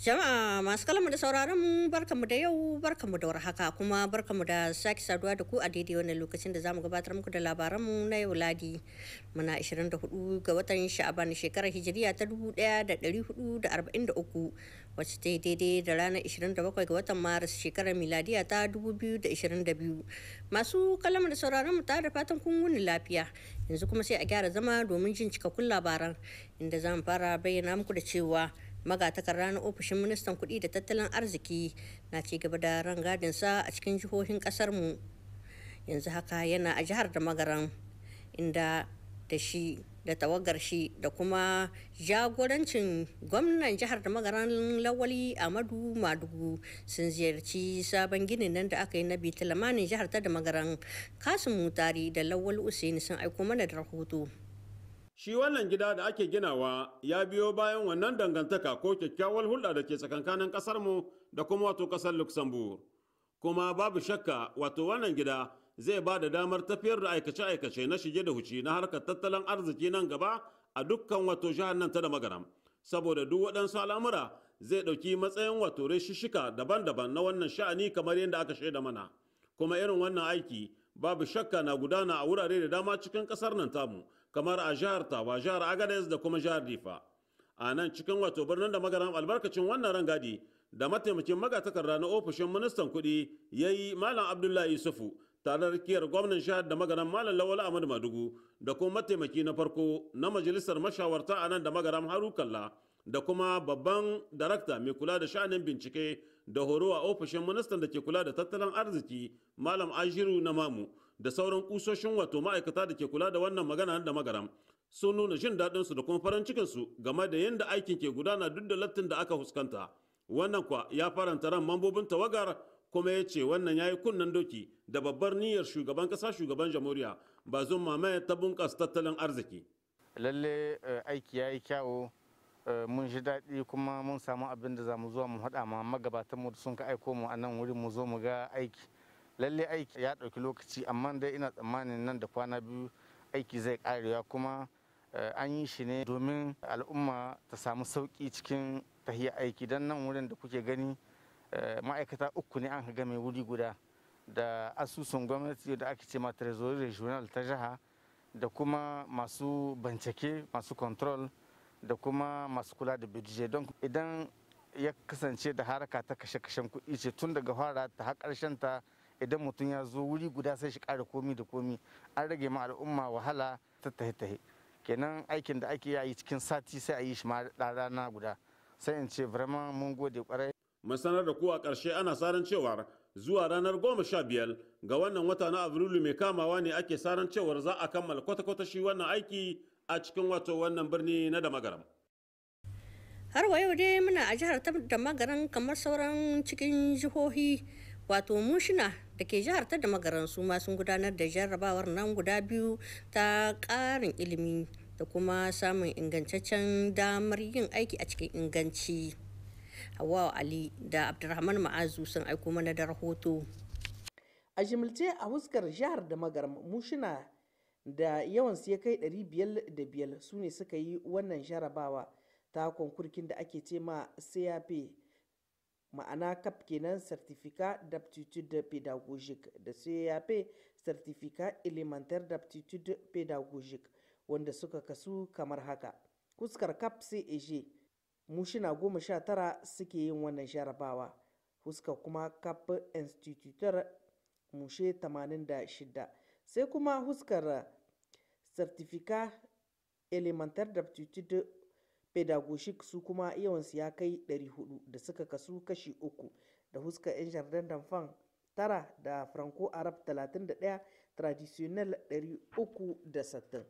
Jama'a masu kalamu da sauraron mu barkamu da yau barkamu da warhaka kuma barkamu da sake saduwa da ku a daidai wannan lokacin da zamu gabatar muku da labaran mu na yau Ladi muna 24 ga watan Sha'aban shekarar Hijiriya ta 1443 wacce ta daidai da ranar 27 ga watan Maris shekarar Miladiya ta 2022 masu kalamu da sauraron mu ta da fatan kun wuni lafiya yanzu kuma sai a gyara zama domin jin cikakkun labaran inda zamu fara bayyana muku da cewa magatakar na ofishin ministan kudi da tattalin arziki na ci gaba da rangadinsa a cikin jihohin mu yanzu haka yana a jihar da magaran inda da shi da tawagar shi da kuma jagorancin gwamnan jihar da magaran lawali amadu madugu sun ziyarci sabon ginin nan da aka yi na bitalamanin jihar ta da magaran kasim mutari da lawal usaini sun aiko mana da rahoto Shi wannan gida da ake ginawa ya biyo bayan wannan dangantaka ko kyakkyawar hulɗa da ke tsakankanin mu da kuma wato ƙasar Luxembourg. Kuma babu shakka wato wannan gida zai ba da damar tafiyar da aikace-aikace na shige da huci na harkar tattalin arziki nan gaba a dukkan wato jihar nan ta da magaram. Saboda duk waɗansu al'amura zai ɗauki matsayin wato reshishika daban-daban na wannan sha'ani kamar yadda aka shaida mana. Kuma irin wannan aiki babu shakka na gudana a wurare da dama cikin ƙasar nan tamu. kamar a jihar tawa jihar agadez da kuma jihar difa a nan cikin wato birnin da magaran albarkacin wannan rangadi da mataimakin magatakarda na ofishin ministan kuɗi ya yi malam abdullahi yusufu tare da rikiyar gwamnan jihar da magaram malam lawal ahmad madugu da kuma mataimaki na farko na majalisar mashawarta a nan da magaran haru kalla da kuma babban darakta mai kula da sha'anin bincike da horo a ofishin ministan da ke kula da tattalin arziki malam ajiru na mamu da sauran kusoshin wato ma'aikata da ke kula da wannan magana da magaram sun nuna jin daɗin su da kuma farin cikin su game da yadda aikin ke gudana duk da lattin da aka fuskanta wannan kwa ya faranta ran mambobin tawagar kuma ya ce wannan ya yi kunnen doki da babbar niyyar shugaban kasa shugaban jamhuriya ba zun mamaye ta bunƙasa tattalin arziki lalle eh, aiki ya yi kyawo eh, mun ji daɗi kuma mun samu abin da za mu zuwa mu haɗa ma magabatanmu da sun ka aiko mu a nan wurin mu zo mu ga aiki lalle aiki ya ɗauki lokaci amma dai ina tsammanin nan da kwana biyu aiki zai karewa kuma eh, an yi shi ne domin al'umma ta samu sauƙi cikin tahiyar aiki don nan wurin da kuke gani eh, ma'aikata uku ne an ga mai wuri guda da asusun gwamnati da ake ce ma trezori regional ta jiha da kuma masu bincike masu control da kuma masu kula da bidije don idan ya kasance da haraka ta kashe-kashen kuɗi ce tun daga fara ta har ƙarshen ta idan mutum ya zo wuri guda sai shi ƙara komi da komi an rage ma al'umma wahala ta tahe-tahe kenan aikin da ake yi cikin sati sai a yi shi ma rana guda sai in ce vraiment mun gode kwarai mun sanar da ku a ƙarshe ana saran cewar zuwa ranar goma sha biyar ga wannan wata na abrilu mai kamawa ne ake saran cewar za a kammala kwata-kwata shi wannan aiki a cikin wato wannan birni na damagaram har wa yau dai muna a jihar ta kamar sauran cikin jihohi wato mushina da ke jihar ta da magaran su ma sun gudanar da jarrabawar nan guda biyu ta karin ilimi da kuma samun ingantaccen damar yin aiki a cikin inganci hawa ali da abdulrahman ma'azu sun aiko mana da rahoto a jimilce a huskar jihar da magar mushina da yawan ya kai 500 su ne suka yi wannan jarabawa ta konkurkin da ake ce ma ma'ana kap kenan certificat d'aptitude pedagogique da cap certificat elementaire d'aptitude pedagogique wanda suka kasu kamar haka huskar cap cag mushina goma sha tara suke yin wannan jarabawa huska kuma cap instituteur mushe 86 sai kuma huskar certificat elementaire d'aptitude pedagogic su kuma yawansu ya kai 400 da suka kasu kashi uku da huska 'yan jardin damfan tara da franco arab 31 traditional 360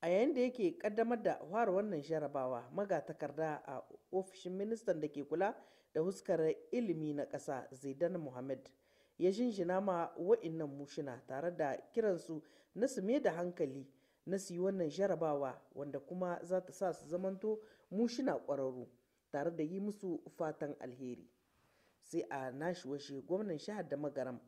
a yayin da yake kaddamar da fara wannan jarabawa magatakarda a ofishin ministan da ke kula da huskar ilimi na ƙasa zaidan muhammad ya shinshina ma wa'innan mushina tare da kiransu na su da hankali na su yi wannan jarabawa wanda kuma za ta sa su zamanto mu mushina ƙwararru tare da yi musu fatan alheri sai a nashi washe gwamnan shahar da magaram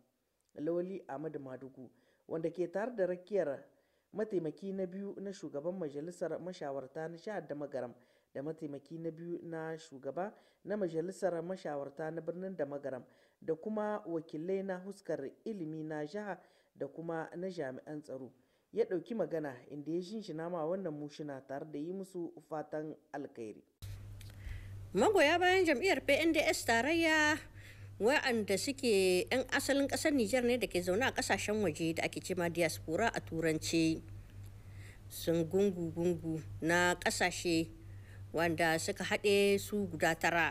lawali ahmadu madugu wanda ke tare da rakiyar mataimaki na biyu na shugaban majalisar mashawarta na shahar da magaram da mataimaki na biyu na shugaba na majalisar mashawarta na birnin da magaram da kuma wakilai na huskar ilimi na jiha da kuma na jami'an tsaro ya ɗauki magana inda ya shinshina ma wannan mushina tare da yi musu fatan alkhairi. magoya bayan jam'iyyar pnds tarayya wa'anda suke 'yan asalin ƙasar nijar ne da ke zaune a ƙasashen waje da ake cema diaspora a turanci sun gungu-gungu na ƙasashe wanda suka haɗe su guda tara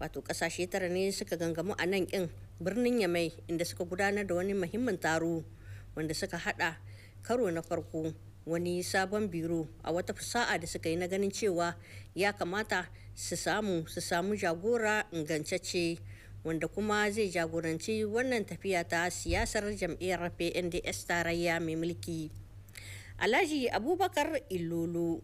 wato ƙasashe tara ne suka gangamu a nan ƙin birnin yamai inda suka gudanar da wani muhimmin taro wanda suka haɗa karo na farko wani sabon biro a wata fasa'a da suka yi na ganin cewa ya kamata su samu su samu jagora ingantacce wanda kuma zai jagoranci wannan tafiya ta siyasar jam'iyyar pnds tarayya mai mulki alhaji abubakar ilolo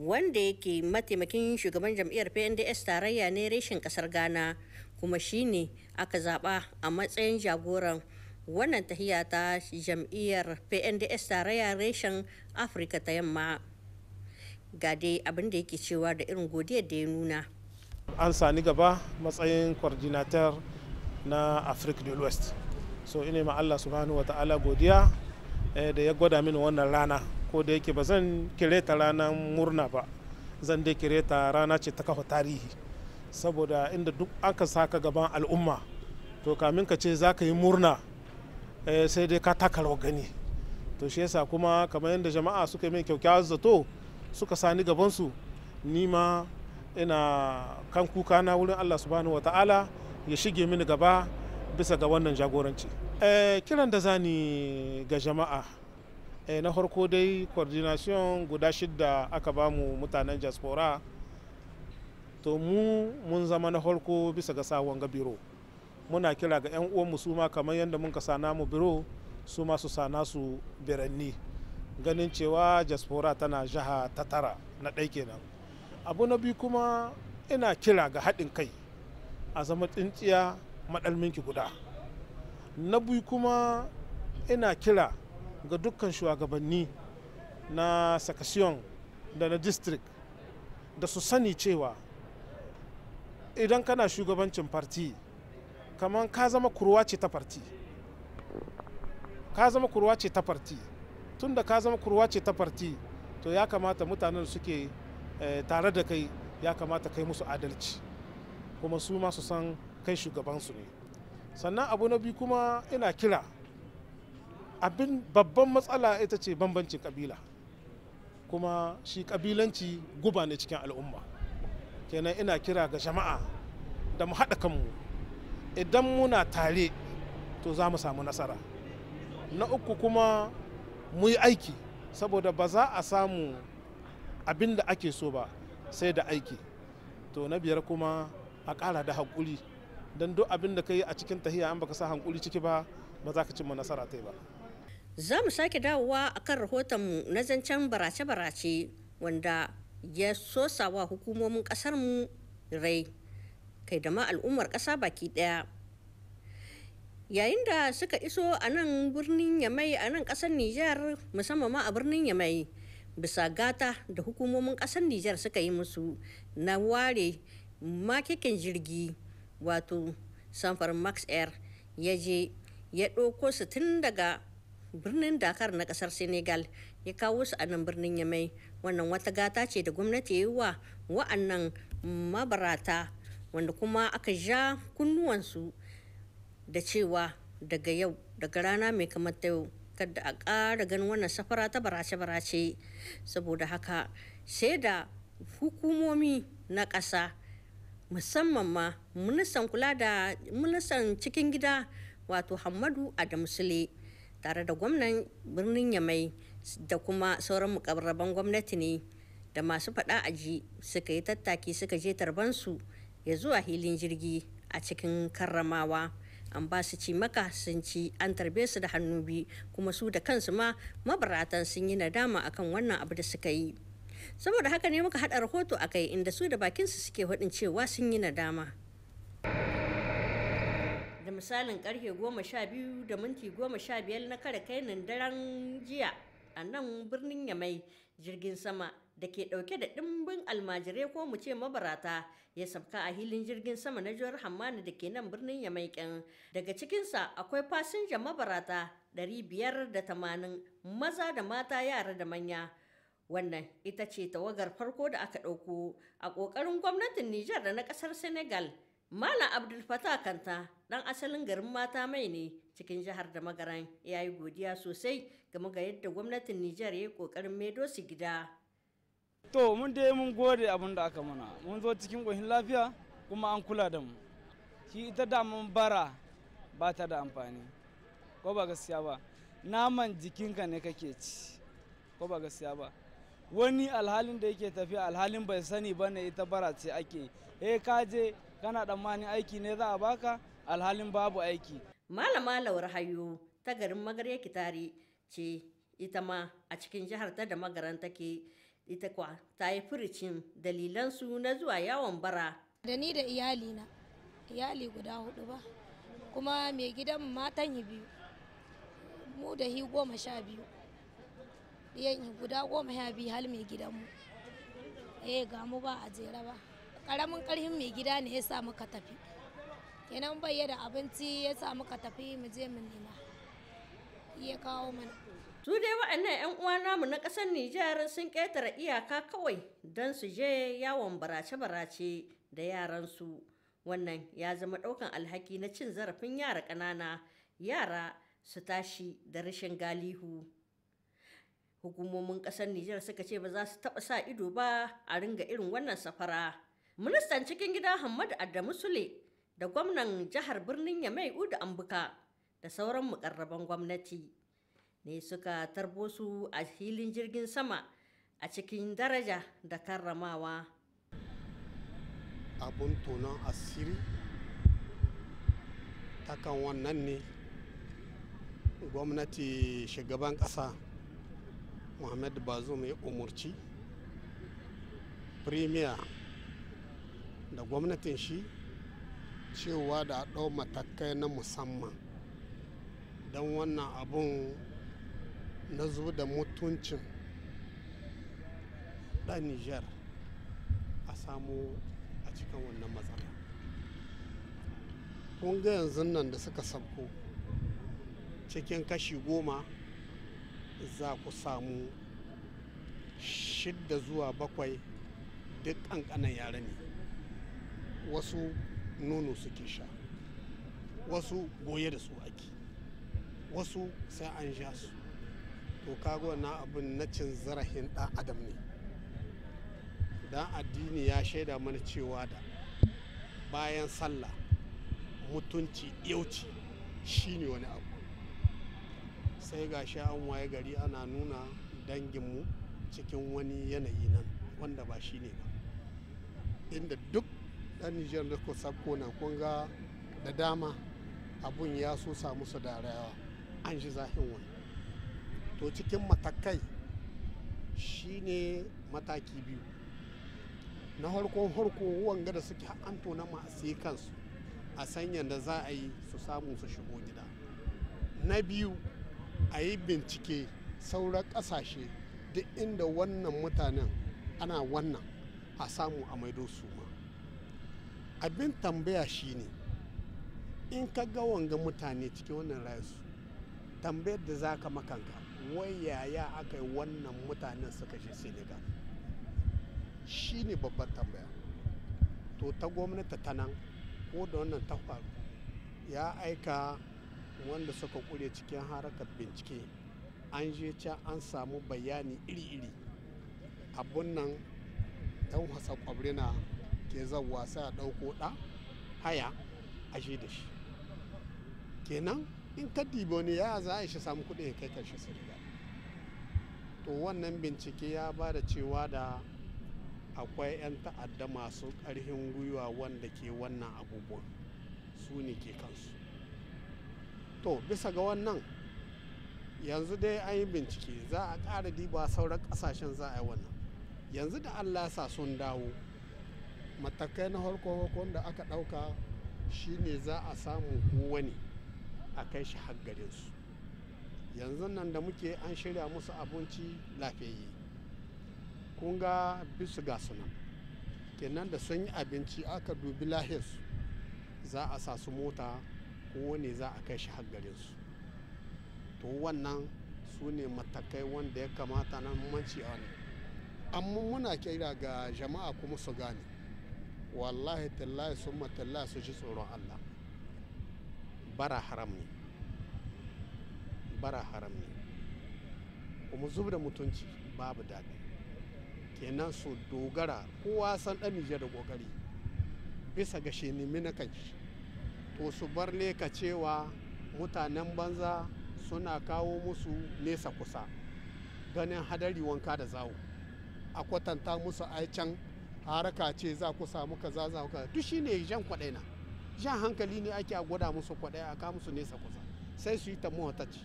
wanda yake mataimakin shugaban jam'iyyar pnds tarayya ne reshen kasar ghana kuma shine aka zaba a matsayin jagoran wannan tahiya ta jam'iyyar pnds tarayya reshen afirka ta yamma ga dai abin da yake cewa da irin godiyar da ya nuna an sani gaba matsayin coordinator na afirka del west so ina ma allah subhanahu wa ta'ala godiya eh, da ya gwada mini wannan rana ko da yake ba zan kire ta ranar murna ba zan dai kire ta rana ce ta kafa tarihi saboda inda duk aka saka gaban al'umma to kamin ka ce za ka yi murna Eh, sai dai ka taka gani to shi yasa kuma kamar yadda jama'a suka yi min kyaukyawar zato suka sani gabansu ni ma ina kan kuka na wurin allah subhanahu wata'ala ya shige mini gaba bisa ga wannan jagoranci eh, kiran da zani ga jama'a eh, na farko dai coordination guda shidda aka bamu mutanen diaspora to mu mun zama na harko bisa ga sawon gabiro biro muna kira ga 'yan uwanmu su ma kamar yadda muka sana mu biro su ma su sana su biranni ganin cewa jaspora tana jiha ta tara na ɗai kenan abu na biyu kuma ina kira ga haɗin kai a zama tsintsiya maɗalminki guda na biyu kuma ina kira ga dukkan shugabanni na sakasiyon da na district da su sani cewa idan kana shugabancin farti kamar ka zama kurwa ce ta farti ka zama kurwa ce ta farti tun da ka zama kurwa ce ta farti to ya kamata mutanen suke eh, tare da kai ya kamata kai musu adalci kuma su ma san kai shugabansu ne sannan abu na biyu kuma ina kira abin babban matsala ita ce bambancin kabila kuma shi kabilanci guba ne cikin al'umma kenan ina kira ga jama'a da mu haɗa kanmu idan muna tare to za mu samu nasara na uku kuma mu yi aiki saboda ba za a samu abin da ake so ba sai da aiki to na biyar kuma a ƙara da hankuli don duk abin da ka yi a cikin tahiya an baka sa hankuli ciki ba ba za ka cimma nasara ta ba za mu sake dawowa akan rahotonmu na zancen barace-barace wanda ya sosa wa hukumomin mu rai kai da ma al'ummar ƙasa baki ɗaya yayin da suka iso a nan birnin yamai a nan ƙasar nijar musamman ma a birnin yamai bisa gata da hukumomin ƙasar nijar suka yi musu na ware makikin jirgi wato samfar max air ya je ya ɗauko su tun daga birnin dakar na ƙasar senegal ya kawo su a nan birnin yamai wannan wata gata ce da gwamnati ya yi wa wa'annan mabarata wanda kuma aka ja kunnuwansu da cewa daga yau daga rana mai kamar ta yau kada a ƙara ganin wannan safara ta barace-barace saboda haka sai da hukumomi na ƙasa musamman ma ministan kula da ministan cikin gida wato hamadu adamsule tare da gwamnan birnin yamai da kuma sauran mukabarraban gwamnati ne da masu faɗa aji suka yi tattaki suka je tarbansu ya zuwa hilin jirgi a cikin karramawa ci maka sun ci an tarbe su da hannu biyu kuma su da kansu ma mabaratan sun yi nadama akan wannan abu da suka yi saboda haka ne muka haɗa rahoto a kai inda su da bakinsu suke hudin cewa sun yi nadama da misalin karfe goma sha biyu da minti goma sha biyar na kare kainin daren jiya a nan birnin yamai jirgin sama da ke ɗauke da dimbin almajirai ko mu ce mabarata ya sabka a hilin jirgin sama na jihar Hammani da ke nan birnin Yamaikin. Daga cikinsa akwai fasinja mabarata 580 maza da mata yara da manya. Wannan ita ce tawagar farko da aka ɗauko a ƙoƙarin gwamnatin Nijar da na ƙasar Senegal. Malam Abdul Fatah Kanta ɗan asalin garin mata mai ne cikin jihar da magaran ya yi godiya sosai game ga yadda gwamnatin Nijar ya yi ƙoƙarin maido su gida. to mun dai mun gode abin da aka mana mun zo cikin ƙoshin lafiya kuma an kula da mu shi ita da mun bara ba ta da amfani ko ba gaskiya ba naman jikinka ne kake ci ko ba gaskiya ba wani alhalin da yake tafiya alhalin bai sani ba ne ita bara ce ake e ka je kana tsammanin aiki ne za a baka alhalin babu aiki malama laura hayo ta garin magarya kitari ce ita ma a cikin jihar ta da magaran take ita kwa ta yi furicin dalilansu na zuwa yawon bara. Da ni da iyali na. iyali guda hudu ba, kuma mai gidan matan yi biyu, mu da hi goma sha biyu, ɗiyan guda goma sha biyu hal mai gidanmu. Eh ga mu ba a jera ba, ƙaramin ƙarfin mai gida ne ya sa muka tafi. Kenan bayyana da abinci ya sa muka tafi mu je mu nema, iya kawo mana. Su dai waɗannan 'yan uwa namu na ƙasar Nijar sun ƙetare iyaka kawai don su je yawon barace-barace da yaransu. Wannan ya zama ɗaukan alhaki na cin zarafin yara ƙanana, yara su tashi da rashin galihu. Hukumomin ƙasar Nijar suka ce ba za su taɓa sa ido ba a ringa irin wannan safara. Ministan cikin gida Hamadu Adamu Sule da gwamnan jihar birnin Yamai Uda Ambuka da sauran mukarraban gwamnati. ne suka tarbo su a filin jirgin sama a cikin daraja da karramawa abun tonon asiri takan wannan ne gwamnati shugaban ƙasa muhammad bazoum ya umarci premier da gwamnatin shi cewa da ɗau matakai na musamman don wannan abun na zo da mutuncin ɗan Nijar a samu a cikin wannan matsala. kun ga yanzu nan da suka sabko cikin kashi goma za ku samu shidda zuwa bakwai duk ƙanƙanan yare ne wasu nono suke sha wasu goye da su ake wasu sai an sha su to kaga wannan abin na cin zarafin ɗan adam ne dan addini ya shaida mana cewa da bayan sallah mutunci yauci shine wani abu sai ga shi an waye gari ana nuna danginmu cikin wani yanayi nan wanda ba shi ne ba inda duk ɗan nijar da ko sabko na kunga da dama abun ya so samu su da rayawa an shi zahin wani to cikin matakai shine mataki biyu na harko harko wanga da suke anto na masu kansu a sanyan da za a yi su samu su shigo gida na biyu a yi bincike sauran ƙasashe duk inda wannan mutanen ana wannan a samu a maido su ma abin tambaya shine in ka ga wanga mutane cikin wannan rayu tambayar da za ka makanka wai yaya aka yi wannan mutanen suka shi senegal shi ne babban tambaya to ta gwamnati ta nan ko da wannan ta faru ya aika wanda suka kure cikin harakar bincike an je can an samu bayani iri-iri abun nan dan wasa kwabrina ke zan wasa ɗauko ɗa haya a da shi kenan in ka dibo ne ya za a shi samu kuɗi ya kai karshe Senegal to wannan bincike ya ba da cewa da akwai 'yan ta'adda masu ƙarfin gwiwa wanda ke wannan abubuwan su ne ke kansu to bisa ga wannan yanzu dai an yi bincike za a ƙara diba sauran kasashen za a yi wannan yanzu da allah sa sun dawo matakai na harkon da aka ɗauka shine za a samu ko wani a kai shi haggarinsu yanzu nan da muke an shirya musu abinci lafiyayye kun ga bisu ga sunan kenan da sun yi abinci aka dubi lahiyarsu za a sa su mota ne za a kai shi haggarinsu to wannan su ne matakai wanda ya kamata na muhimmanci a wani amma muna kira ga jama'a kuma su gane wallahi tallahi sun matallahi su ji tsoron allah bara haram ne bara haram ne kuma zub da mutunci babu daɗi kenan su dogara kowa san ɗan da ƙoƙari bisa ga shi nemi na kanshi to su bar ne ka cewa mutanen banza suna kawo musu nesa kusa ganin hadari wanka da zawo a kwatanta musu aican haraka ce za ku samu kaza za ku duk shine jan kwaɗaina jan hankali ne ake gwada musu kwaɗaya a kawo nesa kusa sai su yi ta motaci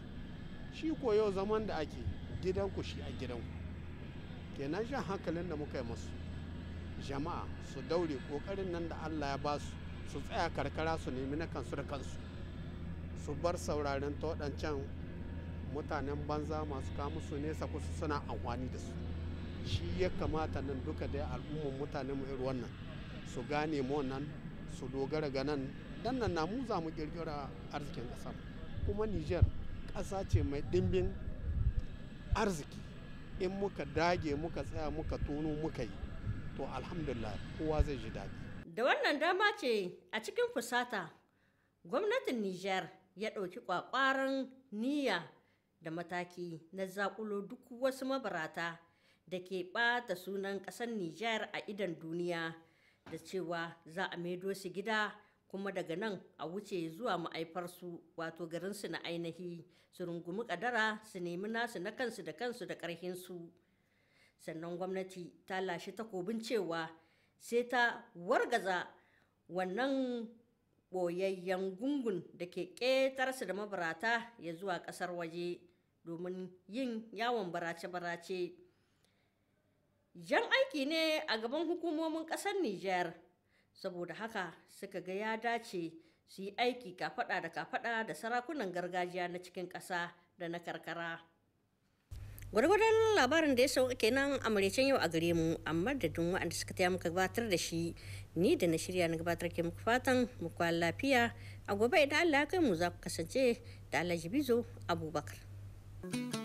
shi ko yau zaman da ake gidanku shi a gidanku kenan jan hankalin da muka yi masu jama'a su daure ƙoƙarin nan da allah ya ba su su tsaya karkara su nemi na kansu da kansu su bar sauraren ta waɗancan mutanen banza masu kamusu nesa kusa suna amfani da su shi ya kamata nan duka dai al'umman mutanen mu irin wannan su gane mu wannan su dogara ga nan dan nan na mu za mu kirkira arzikin ƙasa kuma niger ƙasa ce mai ɗimbin arziki in muka dage muka tsaya muka tono muka yi to alhamdulillah kowa zai ji daɗi da wannan dama ce a cikin fusata gwamnatin niger ya ɗauki ƙwaƙwaran niyya da mataki na zakulo duk wasu mabarata da ke ɓata sunan ƙasar Nijar a idan duniya da cewa za a maido su gida kuma daga nan a wuce zuwa ma'aifarsu wato garinsu na ainihi su rungumi kadara su nemi nasu na kansu da kansu da ƙarhinsu sannan gwamnati ta lashe takobin cewa sai ta wargaza wannan ɓoyayyen gungun da ke ƙetarsu da mabarata ya zuwa ƙasar waje domin yin yawon barace-barace jan aiki ne a gaban hukumomin ƙasar Nijar. Saboda haka suka ga ya dace su yi aiki kafaɗa da kafaɗa da sarakunan gargajiya na cikin ƙasa da na karkara. Gwargwadon labarin da ya sauka kenan a maraicen yau a gare mu da dun waɗanda suka taya muka gabatar da shi ni da na shirya na gabatar ke muku fatan mu lafiya a gobe idan Allah ya kai mu za ku kasance da Allah Bizo Abubakar. thank you